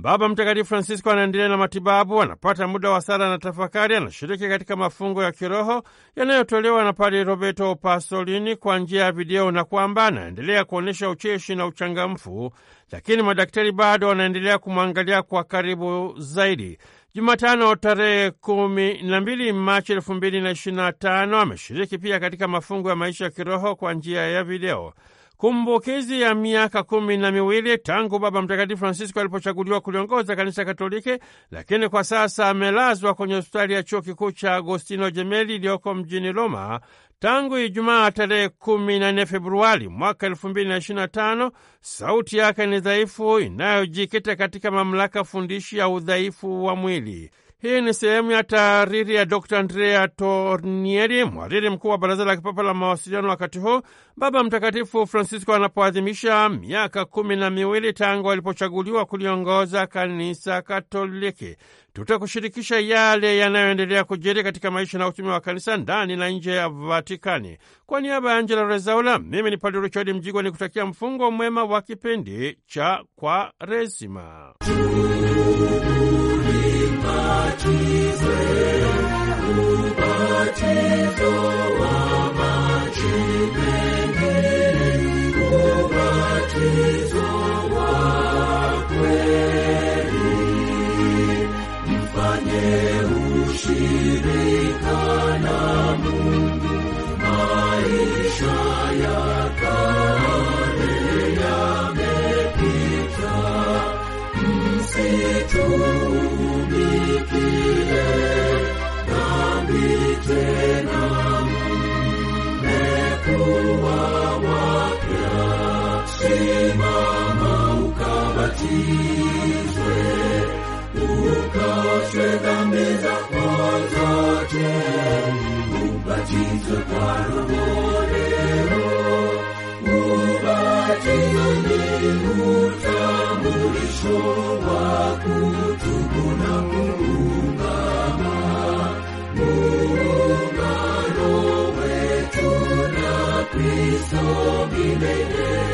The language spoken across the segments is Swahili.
Baba Mtakatifu Francisco anaendelea na matibabu, anapata muda wa sala na tafakari, anashiriki katika mafungo ya kiroho yanayotolewa na Padre Roberto Pasolini kwa njia ya video, na kwamba anaendelea kuonyesha ucheshi na uchangamfu, lakini madaktari bado wanaendelea kumwangalia kwa karibu zaidi. Jumatano tarehe kumi na mbili Machi elfu mbili na ishirini na tano ameshiriki pia katika mafungo ya maisha ya kiroho kwa njia ya video kumbukizi ya miaka kumi na miwili tangu Baba Mtakatifu Francisco alipochaguliwa kuliongoza kanisa Katoliki, lakini kwa sasa amelazwa kwenye hospitali ya chuo kikuu cha Agostino Jemeli iliyoko mjini Roma tangu Ijumaa tarehe kumi na nne Februari mwaka elfu mbili na ishirini na tano. Sauti yake ni dhaifu, inayojikita katika mamlaka fundishi ya udhaifu wa mwili. Hii ni sehemu ya taariri ya Dr Andrea tornieri mwariri mkuu wa Baraza la Kipapa la Mawasiliano, wakati huu Baba Mtakatifu Francisco anapoadhimisha miaka kumi na miwili tangu alipochaguliwa kuliongoza Kanisa Katoliki. Tutakushirikisha yale yanayoendelea kujiri katika maisha na utumi wa kanisa ndani na nje ya Vatikani. Kwa niaba ya Angela Rezaula, mimi ni Padre Richard Mjigwa ni kutakia mfungo mwema wa kipindi cha Kwaresima. 吉岁乌巴吉卓阿妈吉美尼乌巴吉溪水不可学，但比在河擦肩。不怕镜子刮入我眼窝，不怕镜子迷路，丈母里数把孤独不拿孤独拿。不怕路为阻难，比索比内内。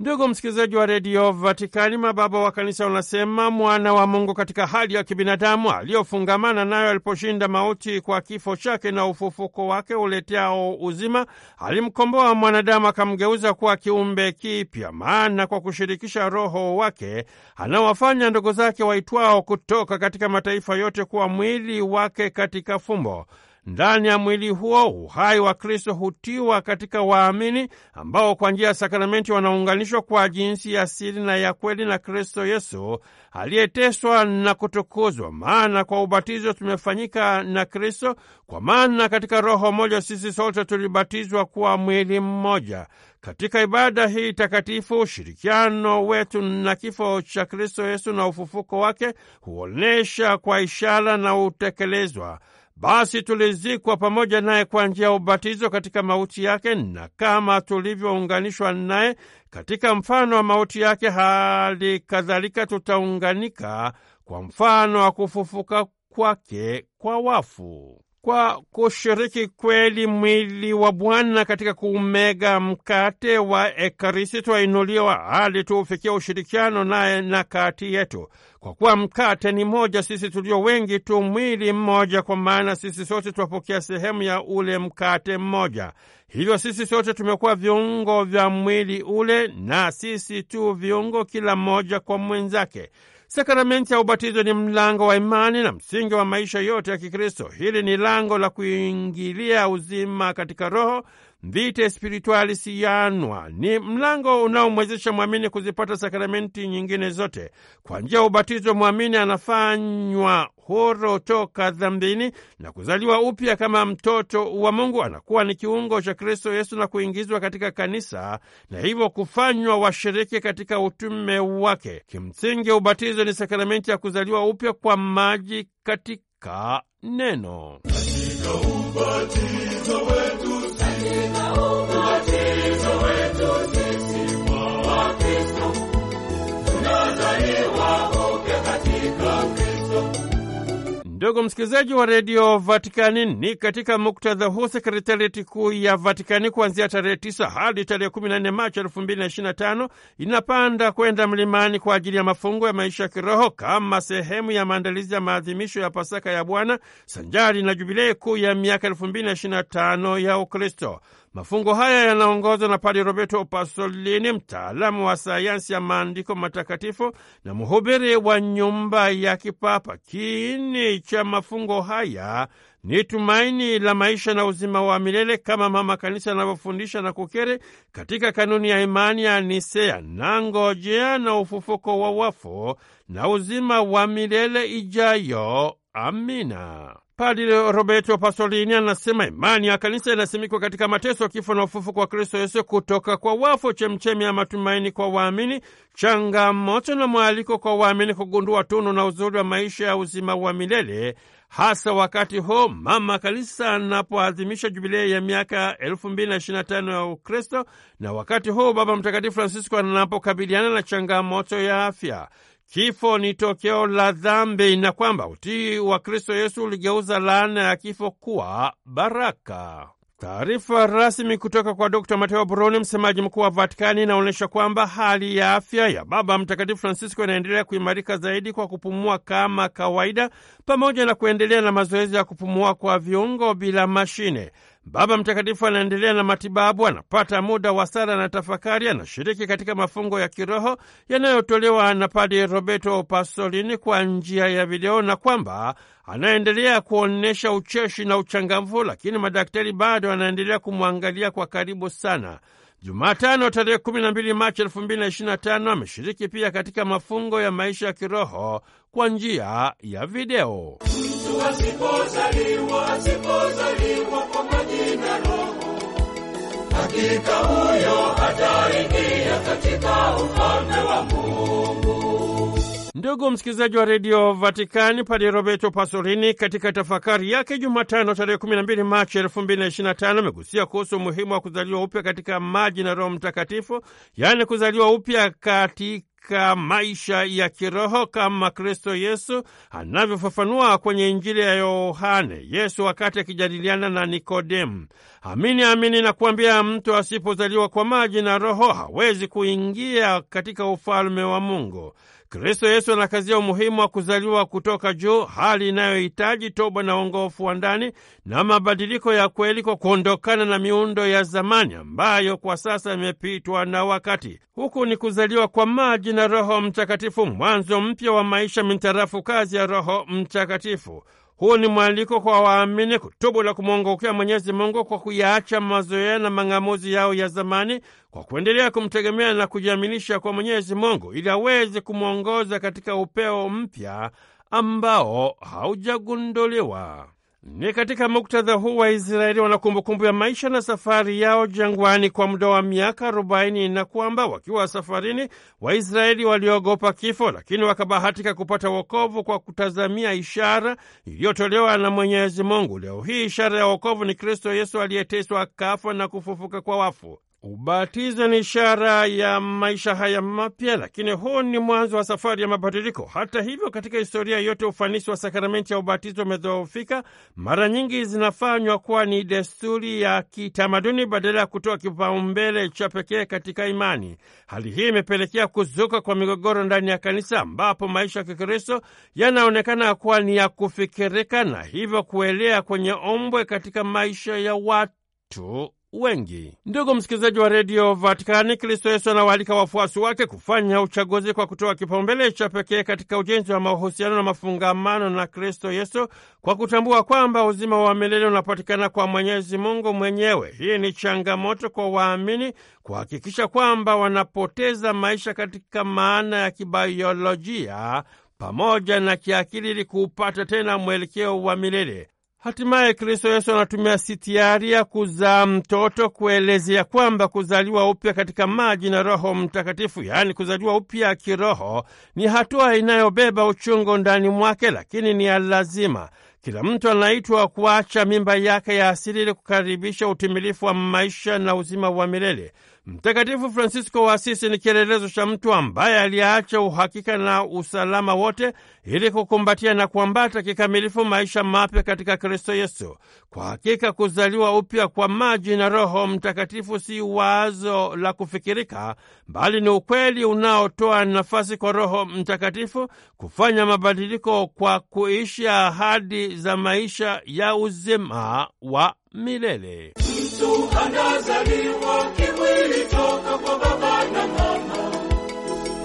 Ndugu msikilizaji wa redio Vatikani, mababa wa kanisa wanasema mwana wa Mungu katika hali ya kibinadamu aliyofungamana nayo aliposhinda mauti kwa kifo chake na ufufuko wake uleteao uzima, alimkomboa mwanadamu akamgeuza kuwa kiumbe kipya, maana kwa kushirikisha roho wake anawafanya ndugu zake waitwao kutoka katika mataifa yote kuwa mwili wake katika fumbo ndani ya mwili huo uhai wa Kristo hutiwa katika waamini ambao kwa njia ya sakramenti wanaunganishwa kwa jinsi ya siri na ya kweli na Kristo Yesu aliyeteswa na kutukuzwa. Maana kwa ubatizo tumefanyika na Kristo, kwa maana katika roho moja sisi sote tulibatizwa kuwa mwili mmoja. Katika ibada hii takatifu, ushirikiano wetu na kifo cha Kristo Yesu na ufufuko wake huonyesha kwa ishara na utekelezwa basi tulizikwa pamoja naye kwa njia ya ubatizo katika mauti yake, na kama tulivyounganishwa naye katika mfano wa mauti yake, hali kadhalika tutaunganika kwa mfano wa kufufuka kwake kwa wafu kwa kushiriki kweli mwili wa Bwana katika kuumega mkate wa Ekaristi, twainuliwa hali tuufikia ushirikiano naye na kati yetu. Kwa kuwa mkate ni moja, sisi tulio wengi tu mwili mmoja, kwa maana sisi sote twapokea sehemu ya ule mkate mmoja. Hivyo sisi sote tumekuwa viungo vya mwili ule, na sisi tu viungo, kila mmoja kwa mwenzake. Sakramenti ya ubatizo ni mlango wa imani na msingi wa maisha yote ya Kikristo. Hili ni lango la kuingilia uzima katika Roho Vitae Spiritualis yaanwa ni mlango unaomwezesha mwamini kuzipata sakramenti nyingine zote. Kwa njia ya ubatizo, mwamini anafanywa huru toka dhambini na kuzaliwa upya kama mtoto wa Mungu. Anakuwa ni kiungo cha Kristo Yesu na kuingizwa katika kanisa na hivyo kufanywa washiriki katika utume wake. Kimsingi, ubatizo ni sakramenti ya kuzaliwa upya kwa maji katika neno katika Ndugu msikilizaji wa redio Vatikani, ni katika muktadha huu sekretarieti kuu ya Vatikani kuanzia tarehe 9 hadi tarehe 14 Machi 2025 inapanda kwenda mlimani kwa ajili ya mafungo ya maisha ya kiroho kama sehemu ya maandalizi ya maadhimisho ya Pasaka ya Bwana sanjari na Jubilei kuu ya miaka 2025 ya Ukristo. Mafungo haya yanaongozwa na Padi Roberto Pasolini, mtaalamu wa sayansi ya maandiko matakatifu na mhubiri wa nyumba ya kipapa. Kiini cha mafungo haya ni tumaini la maisha na uzima wa milele kama Mama Kanisa anavyofundisha na kukiri katika kanuni ya imani ya Nisea, na ngojea na ufufuko wa wafu na uzima wa milele ijayo. Amina. Padre Roberto Pasolini anasema imani ya kanisa inasimikwa katika mateso, kifo na ufufu kwa Kristo Yesu kutoka kwa wafu, chemchemi ya matumaini kwa waamini, changamoto na mwaliko kwa waamini kugundua tunu na uzuri wa maisha ya uzima wa milele, hasa wakati huu mama kanisa anapoadhimisha jubilei ya miaka 2025 ya Ukristo na wakati huu Baba Mtakatifu Francisco anapokabiliana na changamoto ya afya. Kifo ni tokeo la dhambi na kwamba utii wa Kristo Yesu uligeuza laana ya kifo kuwa baraka. Taarifa rasmi kutoka kwa Dr Mateo Bruni, msemaji mkuu wa Vatikani, inaonyesha kwamba hali ya afya ya Baba Mtakatifu Francisco inaendelea kuimarika zaidi kwa kupumua kama kawaida, pamoja na kuendelea na mazoezi ya kupumua kwa viungo bila mashine. Baba Mtakatifu anaendelea na matibabu, anapata muda wa sala na tafakari, anashiriki katika mafungo ya kiroho yanayotolewa na Padi Roberto Pasolini kwa njia ya video, na kwamba anaendelea kuonyesha ucheshi na uchangamfu, lakini madaktari bado anaendelea kumwangalia kwa karibu sana. Jumatano tarehe 12 Machi 2025 ameshiriki pia katika mafungo ya maisha ya kiroho kwa njia ya video. Mtu asipozaliwa asipozaliwa hakika huyo ataingia katika ufalme wa Mungu. Ndugu msikilizaji wa redio Vatikani, Padi Roberto Pasolini katika tafakari yake Jumatano tarehe 12 Machi 2025 amegusia kuhusu umuhimu wa kuzaliwa upya katika maji na Roho Mtakatifu, yaani kuzaliwa upya katika katika maisha ya kiroho kama Kristo Yesu anavyofafanua kwenye Injili ya Yohane. Yesu wakati akijadiliana na Nikodemu, amini amini na kuambia, mtu asipozaliwa kwa maji na Roho hawezi kuingia katika ufalme wa Mungu. Kristo Yesu anakazia umuhimu wa kuzaliwa kutoka juu, hali inayohitaji toba na uongofu wa ndani na mabadiliko ya kweli kwa kuondokana na miundo ya zamani ambayo kwa sasa imepitwa na wakati. Huku ni kuzaliwa kwa maji na Roho Mtakatifu, mwanzo mpya wa maisha mintarafu kazi ya Roho Mtakatifu. Huu ni mwaliko kwa waamini kutubu na kumwongokea Mwenyezi Mungu kwa kuyaacha mazoea na mang'amuzi yao ya zamani, kwa kuendelea kumtegemea na kujiaminisha kwa Mwenyezi Mungu ili aweze kumwongoza katika upeo mpya ambao haujagunduliwa. Ni katika muktadha huu Waisraeli wana kumbukumbu ya maisha na safari yao jangwani kwa muda wa miaka arobaini na kwamba wakiwa safarini Waisraeli waliogopa kifo, lakini wakabahatika kupata wokovu kwa kutazamia ishara iliyotolewa na Mwenyezi Mungu. Leo hii ishara ya wokovu ni Kristo Yesu aliyeteswa, kafa na kufufuka kwa wafu. Ubatizo ni ishara ya maisha haya mapya, lakini huu ni mwanzo wa safari ya mabadiliko. Hata hivyo, katika historia yote ufanisi wa sakramenti ya ubatizo umedhoofika, mara nyingi zinafanywa kuwa ni desturi ya kitamaduni badala ya kutoa kipaumbele cha pekee katika imani. Hali hii imepelekea kuzuka kwa migogoro ndani ya kanisa, ambapo maisha ya Kikristo yanaonekana kuwa ni ya kufikirika na hivyo kuelea kwenye ombwe katika maisha ya watu wengi. Ndugu msikilizaji wa redio Vatikani, Kristo Yesu anawaalika wafuasi wake kufanya uchaguzi kwa kutoa kipaumbele cha pekee katika ujenzi wa mahusiano na mafungamano na Kristo Yesu, kwa kutambua kwamba uzima wa milele unapatikana kwa Mwenyezi Mungu mwenyewe. Hii ni changamoto kwa waamini kuhakikisha kwamba wanapoteza maisha katika maana ya kibayolojia pamoja na kiakili ili kuupata tena mwelekeo wa milele. Hatimaye Kristo Yesu anatumia ya kuzaa mtoto kuelezea kwamba kuzaliwa upya katika maji na Roho Mtakatifu, yaani kuzaliwa upya kiroho, ni hatua inayobeba uchungu ndani mwake, lakini ni ya lazima. Kila mtu anaitwa kuacha mimba yake ya asili ili kukaribisha utimilifu wa maisha na uzima wa milele. Mtakatifu Fransisko wa Asisi ni kielelezo cha mtu ambaye aliyeacha uhakika na usalama wote ili kukumbatia na kuambata kikamilifu maisha mapya katika Kristo Yesu. Kwa hakika kuzaliwa upya kwa maji na Roho Mtakatifu si wazo la kufikirika, bali ni ukweli unaotoa nafasi kwa Roho Mtakatifu kufanya mabadiliko kwa kuishi ahadi za maisha ya uzima wa milele. Yesu anazaliwa kimwili toka kwa baba na mama,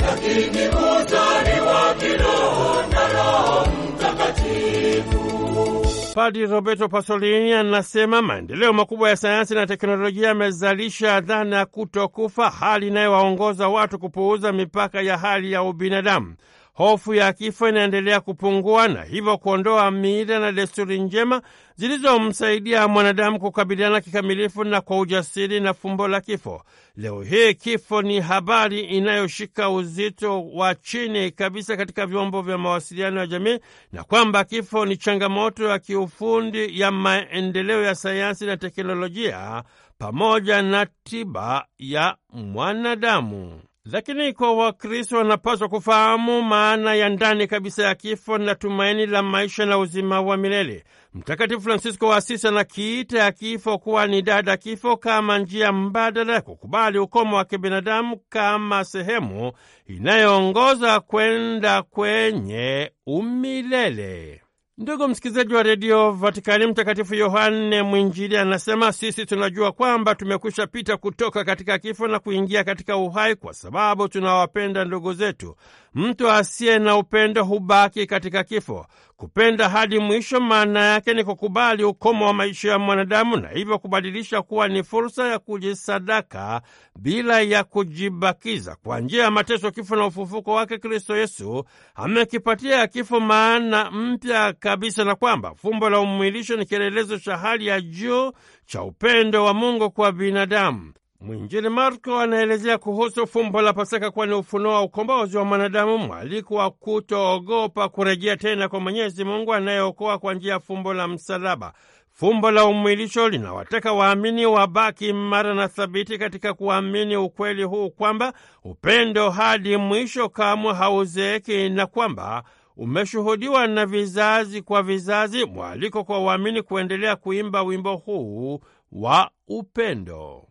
lakini huzaliwa kiroho na Roho Mtakatifu. Padri Roberto Pasolini anasema maendeleo makubwa ya sayansi na teknolojia yamezalisha dhana ya kutokufa, hali inayowaongoza watu kupuuza mipaka ya hali ya ubinadamu hofu ya kifo inaendelea kupungua na hivyo kuondoa mila na desturi njema zilizomsaidia mwanadamu kukabiliana kikamilifu na kwa ujasiri na fumbo la kifo. Leo hii kifo ni habari inayoshika uzito wa chini kabisa katika vyombo vya mawasiliano ya jamii, na kwamba kifo ni changamoto ya kiufundi ya maendeleo ya sayansi na teknolojia pamoja na tiba ya mwanadamu. Lakini kwa Wakristo wanapaswa kufahamu maana ya ndani kabisa ya kifo na tumaini la maisha na uzima wa milele. Mtakatifu Fransisko wa Asisi anakiita ya kifo kuwa ni dada kifo, kama njia mbadala ya kukubali ukomo wa kibinadamu kama sehemu inayoongoza kwenda kwenye umilele. Ndugu msikilizaji wa redio Vatikani, Mtakatifu Yohane Mwinjili anasema sisi tunajua kwamba tumekwisha pita kutoka katika kifo na kuingia katika uhai, kwa sababu tunawapenda ndugu zetu. Mtu asiye na upendo hubaki katika kifo. Kupenda hadi mwisho, maana yake ni kukubali ukomo wa maisha ya mwanadamu na hivyo kubadilisha kuwa ni fursa ya kujisadaka bila ya kujibakiza. Kwa njia ya mateso, kifo na ufufuko wake, Kristo Yesu amekipatia kifo maana mpya kabisa, na kwamba fumbo la umwilisho ni kielelezo cha hali ya juu cha upendo wa Mungu kwa binadamu. Mwinjili Marko anaelezea kuhusu fumbo la Pasaka kuwa ni ufunuo wa ukombozi wa mwanadamu, mwaliko wa kutoogopa kurejea tena kwa Mwenyezi Mungu anayeokoa kwa njia ya fumbo la msalaba. Fumbo la umwilisho linawataka waamini wabaki imara na thabiti katika kuamini ukweli huu kwamba upendo hadi mwisho kamwe hauzeeki na kwamba umeshuhudiwa na vizazi kwa vizazi, mwaliko kwa waamini kuendelea kuimba wimbo huu wa upendo.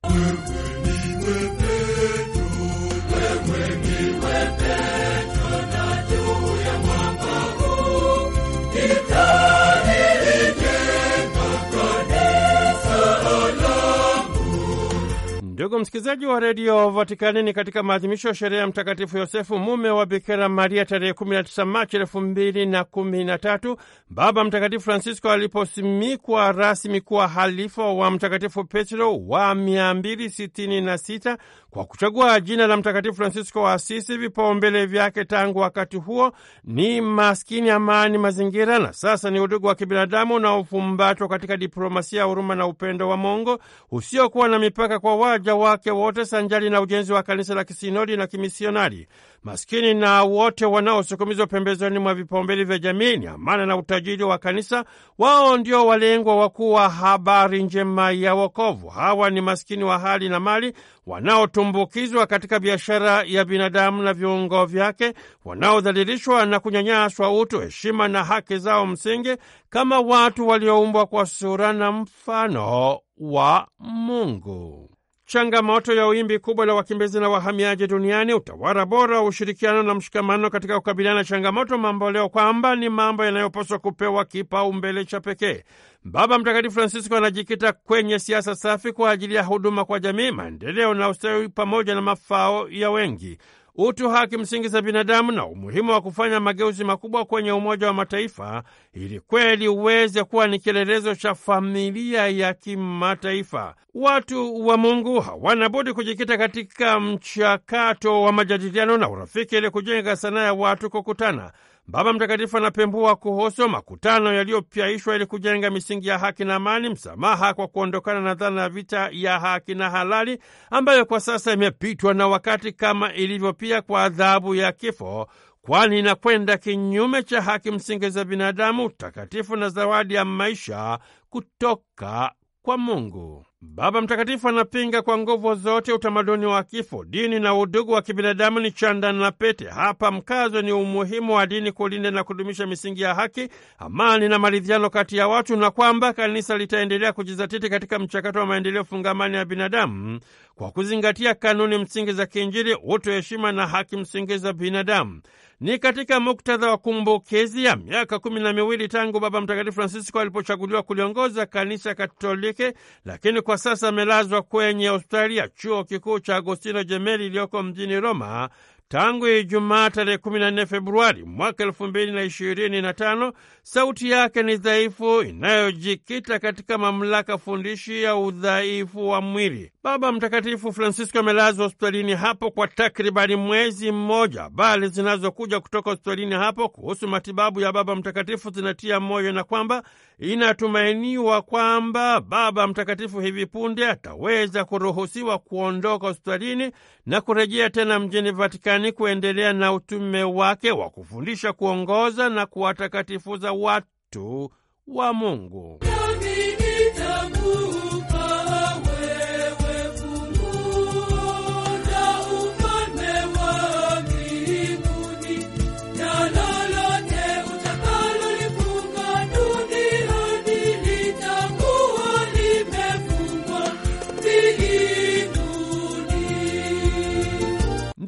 Ndugu msikilizaji wa redio Vatikani, ni katika maadhimisho ya sherehe ya Mtakatifu Yosefu, mume wa Bikira Maria, tarehe 19 Machi elfu mbili na kumi na tatu, Baba Mtakatifu Francisco aliposimikwa rasmi kuwa halifa wa Mtakatifu Petro wa 266 kwa kuchagua jina la Mtakatifu Francisco wa Asisi. Vipaumbele vyake tangu wakati huo ni maskini, amani, mazingira na sasa ni udugu wa kibinadamu unaofumbatwa katika diplomasia ya huruma na upendo wa Mungu usiokuwa na mipaka kwa waja wake wote sanjali na ujenzi wa kanisa la kisinodi na kimisionari. Maskini na wote wanaosukumizwa pembezoni mwa vipaumbele vya jamii ni amana na utajiri wa kanisa, wao ndio walengwa wakuu wa habari njema ya wokovu. Hawa ni maskini wa hali na mali wanaotumbukizwa katika biashara ya binadamu na viungo vyake, wanaodhalilishwa na kunyanyaswa utu, heshima na haki zao msingi, kama watu walioumbwa kwa sura na mfano wa Mungu changamoto ya wimbi kubwa la wakimbizi na wahamiaji duniani, utawala bora, ushirikiano na mshikamano katika kukabiliana na changamoto mamboleo, kwamba ni mambo yanayopaswa kupewa kipaumbele cha pekee. Baba Mtakatifu Francisco anajikita kwenye siasa safi kwa ajili ya huduma kwa jamii, maendeleo na ustawi pamoja na mafao ya wengi utu, haki msingi za binadamu na umuhimu wa kufanya mageuzi makubwa kwenye Umoja wa Mataifa ili kweli uweze kuwa ni kielelezo cha familia ya kimataifa. Watu wa Mungu hawana budi kujikita katika mchakato wa majadiliano na urafiki ili kujenga sanaa ya watu kukutana Baba Mtakatifu anapembua kuhusu makutano yaliyopyaishwa ili kujenga misingi ya haki na amani, msamaha kwa kuondokana na dhana ya vita ya haki na halali ambayo kwa sasa imepitwa na wakati, kama ilivyo pia kwa adhabu ya kifo, kwani inakwenda kinyume cha haki msingi za binadamu, utakatifu na zawadi ya maisha kutoka kwa Mungu. Baba Mtakatifu anapinga kwa nguvu zote utamaduni wa kifo. Dini na udugu wa kibinadamu ni chanda na pete. Hapa mkazo ni umuhimu wa dini kulinda na kudumisha misingi ya haki, amani na maridhiano kati ya watu, na kwamba kanisa litaendelea kujizatiti katika mchakato wa maendeleo fungamani ya binadamu kwa kuzingatia kanuni msingi za kiinjili, utu, heshima na haki msingi za binadamu. Ni katika muktadha wa kumbukizi ya miaka kumi na miwili tangu Baba Mtakatifu Francisco alipochaguliwa kuliongoza kanisa Katoliki, lakini kwa sasa amelazwa kwenye hospitali ya chuo kikuu cha Agostino Jemeli iliyoko mjini Roma tangu Ijumaa tarehe nne Februari mwaka na tano Sauti yake ni dhaifu, inayojikita katika mamlaka fundishi ya udhaifu wa mwili. Baba Mtakatifu Francisco amelazwa hospitalini hapo kwa takribani mwezi mmoja. Habari zinazokuja kutoka hospitalini hapo kuhusu matibabu ya Baba Mtakatifu zinatia moyo na kwamba inatumainiwa kwamba Baba Mtakatifu hivi punde ataweza kuruhusiwa kuondoka hospitalini na kurejea tena mjini Vatikani kuendelea na utume wake wa kufundisha, kuongoza na kuwatakatifuza watu wa Mungu.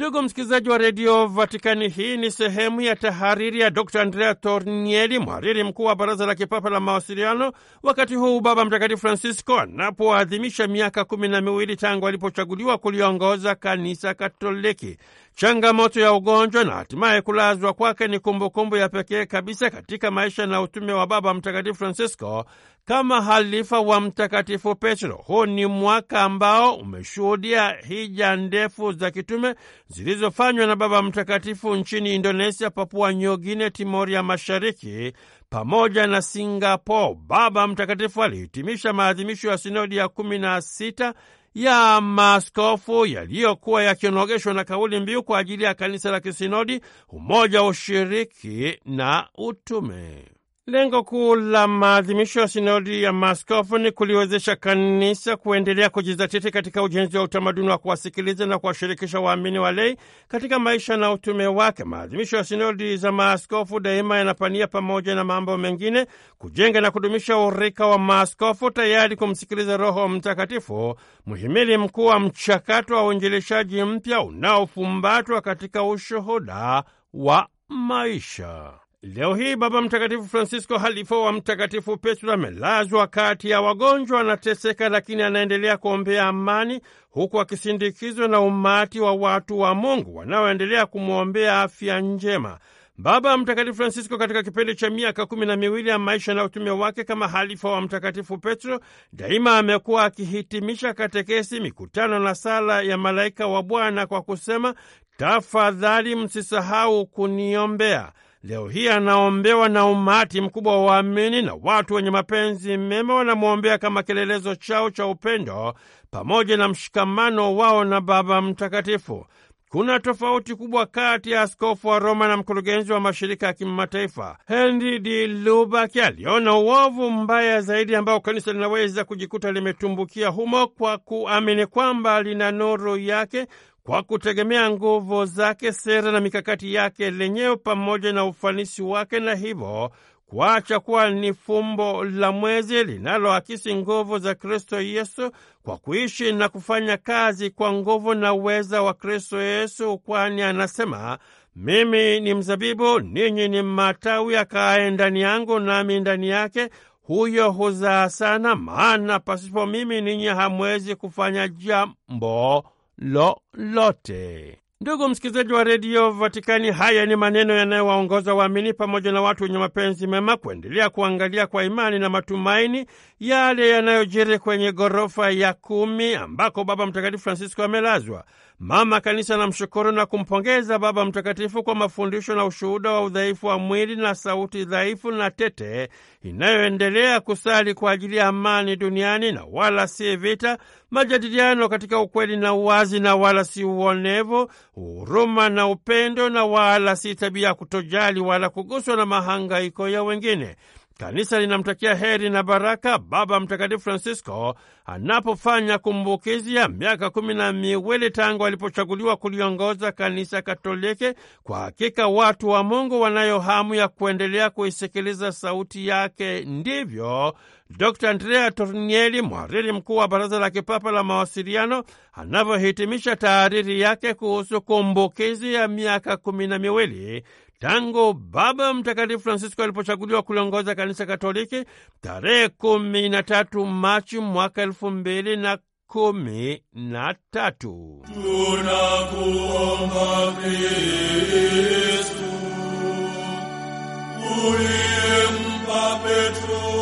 Ndugu msikilizaji wa redio Vatikani, hii ni sehemu ya tahariri ya Dr Andrea Tornieli, mhariri mkuu wa baraza la kipapa la mawasiliano, wakati huu Baba Mtakatifu Francisco anapoadhimisha miaka kumi na miwili tangu alipochaguliwa kuliongoza kanisa Katoliki changamoto ya ugonjwa na hatimaye kulazwa kwake ni kumbukumbu ya pekee kabisa katika maisha na utume wa Baba Mtakatifu Francisco kama halifa wa Mtakatifu Petro. Huu ni mwaka ambao umeshuhudia hija ndefu za kitume zilizofanywa na Baba Mtakatifu nchini Indonesia, Papua Nyogine, Timori ya Mashariki pamoja na Singapore. Baba Mtakatifu alihitimisha maadhimisho ya sinodi ya kumi na sita ya maaskofu yaliyokuwa yakionogeshwa na kauli mbiu kwa ajili ya kanisa la kisinodi, umoja, ushiriki na utume. Lengo kuu la maadhimisho ya sinodi ya maskofu ni kuliwezesha kanisa kuendelea kujizatiti katika ujenzi wa utamaduni wa kuwasikiliza na kuwashirikisha waamini walei katika maisha na utume wake. Maadhimisho ya sinodi za maaskofu daima yanapania, pamoja na mambo mengine, kujenga na kudumisha urika wa maaskofu tayari kumsikiliza Roho Mtakatifu, mhimili mkuu wa mchakato wa uinjilishaji mpya unaofumbatwa katika ushuhuda wa maisha. Leo hii Baba Mtakatifu Francisco, halifa wa Mtakatifu Petro, amelazwa kati ya wagonjwa, anateseka, lakini anaendelea kuombea amani, huku akisindikizwa na umati wa watu wa Mungu wanaoendelea kumwombea afya njema. Baba Mtakatifu Francisco katika kipindi cha miaka kumi na miwili ya maisha na utume wake kama halifa wa Mtakatifu Petro, daima amekuwa akihitimisha katekesi, mikutano na sala ya malaika wa Bwana kwa kusema, tafadhali msisahau kuniombea leo hii anaombewa na umati mkubwa wa waamini na watu wenye mapenzi mema wanamwombea kama kielelezo chao cha upendo pamoja na mshikamano wao na Baba Mtakatifu. Kuna tofauti kubwa kati ya askofu wa Roma na mkurugenzi wa mashirika ya kimataifa. Henry D. Lubak aliona uovu mbaya zaidi ambao kanisa linaweza kujikuta limetumbukia humo kwa kuamini kwamba lina nuru yake kwa kutegemea nguvu zake, sera na mikakati yake lenyewe pamoja na ufanisi wake, na hivyo kuacha kuwa ni fumbo la mwezi linaloakisi nguvu za Kristo Yesu kwa kuishi na kufanya kazi kwa nguvu na uweza wa Kristo Yesu, kwani anasema mimi ni mzabibu, ninyi ni matawi, akaaye ndani yangu nami ndani yake, huyo huzaa sana, maana pasipo mimi ninyi hamwezi kufanya jambo lolote. Ndugu msikilizaji wa redio Vatikani, haya ni maneno yanayowaongoza waamini pamoja na watu wenye mapenzi mema kuendelea kuangalia kwa imani na matumaini yale yanayojiri kwenye ghorofa ya kumi ambako Baba Mtakatifu Francisco amelazwa. Mama Kanisa namshukuru na kumpongeza Baba Mtakatifu kwa mafundisho na ushuhuda wa udhaifu wa mwili na sauti dhaifu na tete inayoendelea kusali kwa ajili ya amani duniani, na wala si vita, majadiliano katika ukweli na uwazi, na wala si uonevu, huruma na upendo, na wala si tabia ya kutojali wala kuguswa na mahangaiko ya wengine. Kanisa linamtakia heri na baraka Baba Mtakatifu Francisco anapofanya kumbukizi ya miaka kumi na miwili tangu alipochaguliwa kuliongoza Kanisa Katoliki. Kwa hakika watu wa Mungu wanayo hamu ya kuendelea kuisikiliza sauti yake. Ndivyo Dr Andrea Tornieli, mhariri mkuu wa Baraza la Kipapa la Mawasiliano, anavyohitimisha taariri yake kuhusu kumbukizi ya miaka kumi na miwili tangu Baba Mtakatifu Francisco alipochaguliwa kulongoza Kanisa Katoliki tarehe kumi na tatu Machi mwaka elfu mbili na kumi na tatu. Tunakuomba Kristu uliyempa Petro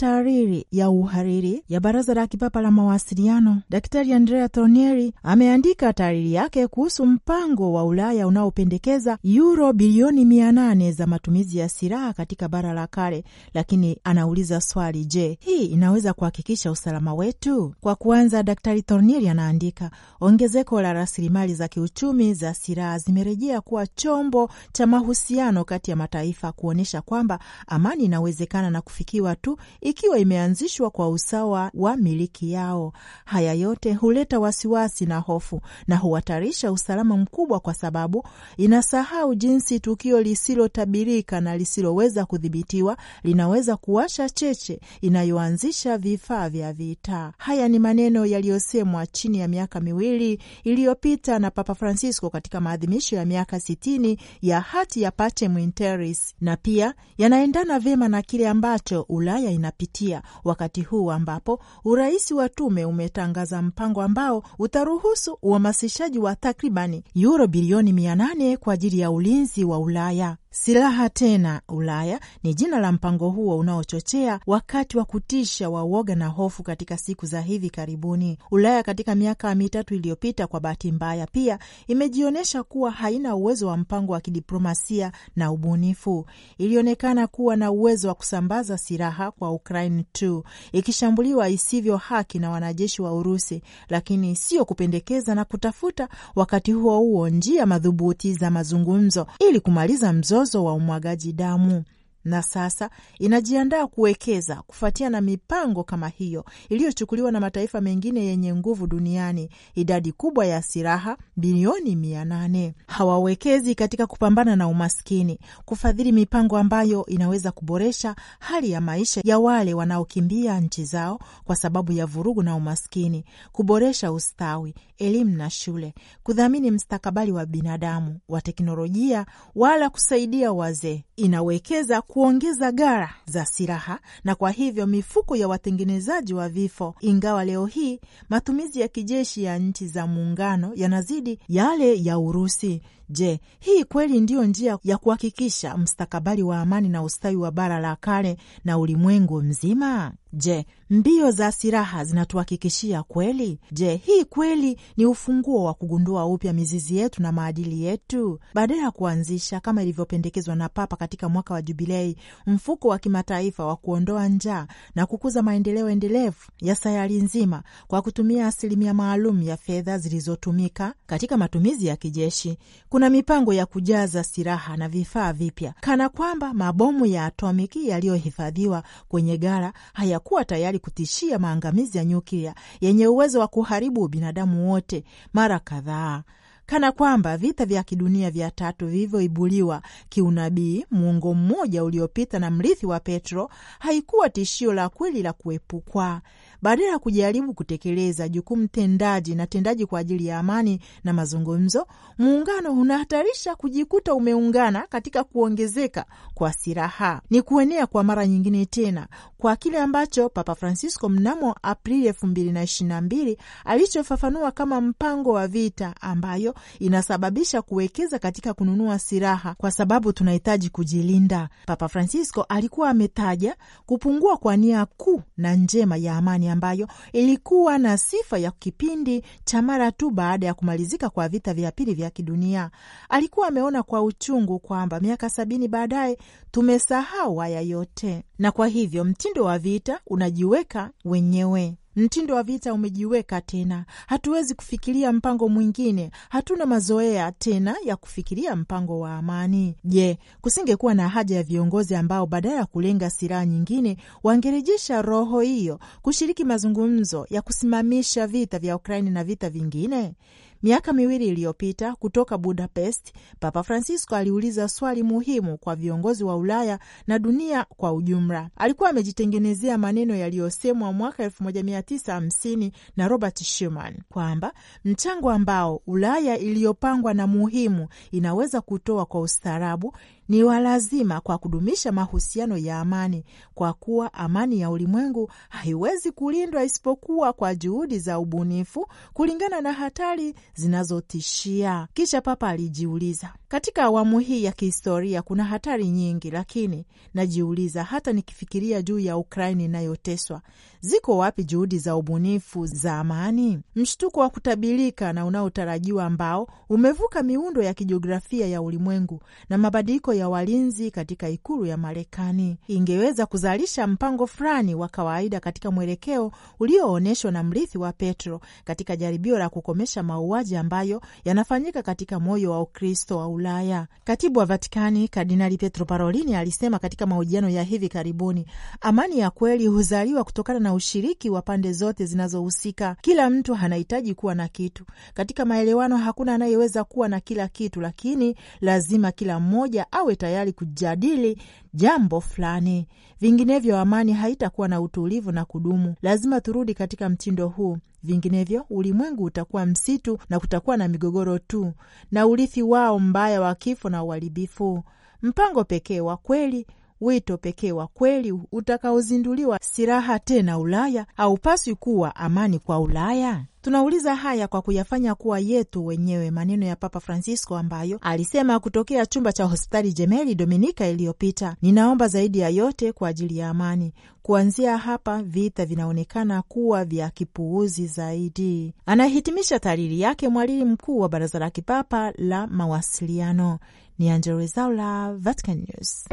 taariri ya uhariri ya Baraza la Kipapa la Mawasiliano, Daktari Andrea tornieri ameandika taariri yake kuhusu mpango wa Ulaya unaopendekeza yuro bilioni mia nane za matumizi ya silaha katika bara la kale, lakini anauliza swali, je, hii inaweza kuhakikisha usalama wetu? Kwa kuanza, Daktari tornieri anaandika, ongezeko la rasilimali za kiuchumi za silaha zimerejea kuwa chombo cha mahusiano kati ya mataifa, kuonyesha kwamba amani inawezekana na kufikiwa tu ikiwa imeanzishwa kwa usawa wa miliki yao. Haya yote huleta wasiwasi na hofu na huhatarisha usalama mkubwa, kwa sababu inasahau jinsi tukio lisilotabirika na lisiloweza kudhibitiwa linaweza kuwasha cheche inayoanzisha vifaa vya vita. Haya ni maneno yaliyosemwa chini ya miaka miwili iliyopita na Papa Francisco katika maadhimisho ya miaka sitini ya hati ya Pater Familiaris na pia yanaendana vyema na kile ambacho Ulaya ina wanapitia wakati huu ambapo urais wa tume umetangaza mpango ambao utaruhusu uhamasishaji wa takribani yuro bilioni mia nane kwa ajili ya ulinzi wa Ulaya. Silaha tena Ulaya ni jina la mpango huo unaochochea wakati wa kutisha wa uoga na hofu katika siku za hivi karibuni. Ulaya katika miaka mitatu iliyopita, kwa bahati mbaya, pia imejionyesha kuwa haina uwezo wa mpango wa kidiplomasia na ubunifu. Ilionekana kuwa na uwezo wa kusambaza silaha kwa Ukraine tu ikishambuliwa isivyo haki na wanajeshi wa Urusi, lakini sio kupendekeza na kutafuta wakati huo huo njia madhubuti za mazungumzo ili kumaliza mzo mzozo wa umwagaji damu na sasa inajiandaa kuwekeza kufuatia na mipango kama hiyo iliyochukuliwa na mataifa mengine yenye nguvu duniani, idadi kubwa ya silaha bilioni mia nane. Hawawekezi katika kupambana na umaskini, kufadhili mipango ambayo inaweza kuboresha hali ya maisha ya wale wanaokimbia nchi zao kwa sababu ya vurugu na umaskini, kuboresha ustawi, elimu na shule, kudhamini mstakabali wa binadamu wa teknolojia, wala kusaidia wazee. Inawekeza kuongeza gara za silaha na kwa hivyo mifuko ya watengenezaji wa vifo, ingawa leo hii matumizi ya kijeshi ya nchi za muungano yanazidi yale ya Urusi. Je, hii kweli ndiyo njia ya kuhakikisha mstakabali wa amani na ustawi wa bara la kale na ulimwengu mzima? Je, mbio za silaha zinatuhakikishia kweli? Je, hii kweli ni ufunguo wa kugundua upya mizizi yetu na maadili yetu, badala ya kuanzisha kama ilivyopendekezwa na Papa katika mwaka wa Jubilei, mfuko wa kimataifa wa kuondoa njaa na kukuza maendeleo endelevu ya sayari nzima kwa kutumia asilimia maalum ya fedha zilizotumika katika matumizi ya kijeshi? Kuna mipango ya kujaza silaha na vifaa vipya, kana kwamba mabomu ya atomiki yaliyohifadhiwa kwenye gara haya kuwa tayari kutishia maangamizi ya nyuklia yenye uwezo wa kuharibu binadamu wote mara kadhaa kana kwamba vita vya kidunia vya tatu vilivyoibuliwa kiunabii muongo mmoja uliopita na mrithi wa Petro haikuwa tishio la kweli la kuepukwa, badala ya kujaribu kutekeleza jukumu tendaji na tendaji kwa ajili ya amani na mazungumzo, muungano unahatarisha kujikuta umeungana katika kuongezeka kwa silaha, ni kuenea kwa mara nyingine tena kwa kile ambacho Papa Francisco mnamo Aprili elfu mbili na ishirini na mbili alichofafanua kama mpango wa vita ambayo inasababisha kuwekeza katika kununua silaha kwa sababu tunahitaji kujilinda. Papa Francisco alikuwa ametaja kupungua kwa nia kuu na njema ya amani ambayo ilikuwa na sifa ya kipindi cha mara tu baada ya kumalizika kwa vita vya pili vya kidunia. Alikuwa ameona kwa uchungu kwamba miaka sabini baadaye tumesahau haya yote, na kwa hivyo mtindo wa vita unajiweka wenyewe. Mtindo wa vita umejiweka tena, hatuwezi kufikiria mpango mwingine, hatuna mazoea tena ya kufikiria mpango wa amani. Je, kusingekuwa na haja ya viongozi ambao badala ya kulenga silaha nyingine wangerejesha roho hiyo, kushiriki mazungumzo ya kusimamisha vita vya Ukraini na vita vingine? Miaka miwili iliyopita kutoka Budapest, Papa Francisco aliuliza swali muhimu kwa viongozi wa Ulaya na dunia kwa ujumla. Alikuwa amejitengenezea maneno yaliyosemwa mwaka 1950 na Robert Schuman kwamba mchango ambao Ulaya iliyopangwa na muhimu inaweza kutoa kwa ustaarabu ni wa lazima kwa kudumisha mahusiano ya amani, kwa kuwa amani ya ulimwengu haiwezi kulindwa isipokuwa kwa juhudi za ubunifu kulingana na hatari zinazotishia. Kisha Papa alijiuliza, katika awamu hii ya kihistoria kuna hatari nyingi, lakini najiuliza, hata nikifikiria juu ya Ukraini inayoteswa, ziko wapi juhudi za ubunifu za amani? Mshtuko wa kutabirika na unaotarajiwa ambao umevuka miundo ya kijiografia ya ulimwengu na mabadiliko ya walinzi katika ikulu ya Marekani ingeweza kuzalisha mpango fulani wa kawaida katika mwelekeo ulioonyeshwa na mrithi wa Petro katika jaribio la kukomesha mauaji ambayo yanafanyika katika moyo wa Ukristo wa Ulaya. Katibu wa Vatikani Kardinali Petro Parolini alisema katika mahojiano ya hivi karibuni, amani ya kweli huzaliwa kutokana na ushiriki wa pande zote zinazohusika. Kila mtu anahitaji kuwa na kitu katika maelewano. Hakuna anayeweza kuwa na kila kitu, lakini lazima kila mmoja awe awe tayari kujadili jambo fulani, vinginevyo amani haitakuwa na utulivu na kudumu. Lazima turudi katika mtindo huu, vinginevyo ulimwengu utakuwa msitu na kutakuwa na migogoro tu, na urithi wao mbaya wa kifo na uharibifu. Mpango pekee wa kweli wito pekee wa kweli utakaozinduliwa siraha tena Ulaya, haupaswi kuwa amani kwa Ulaya? Tunauliza haya kwa kuyafanya kuwa yetu wenyewe maneno ya Papa Francisco ambayo alisema kutokea chumba cha hospitali Jemeli Dominika iliyopita: ninaomba zaidi ya yote kwa ajili ya amani. Kuanzia hapa vita vinaonekana kuwa vya kipuuzi zaidi. Anahitimisha taariri yake mwalili mkuu wa Baraza la Kipapa la Mawasiliano. Ni Angella Rwezaula, Vatican News.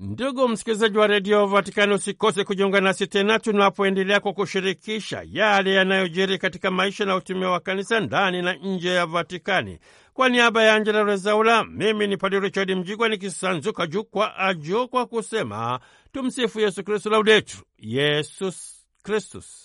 Ndugu msikilizaji wa redio Vatikani, usikose kujiunga nasi tena tunapoendelea kwa kushirikisha yale yanayojiri katika maisha na utumia wa kanisa ndani na nje ya Vatikani. Kwa niaba ya Angela Rezaula, mimi ni Padre Richard Mjigwa nikisanzuka juu kwa ajuu kwa kusema tumsifu Yesu Kristu, laudetu Yesus Kristus.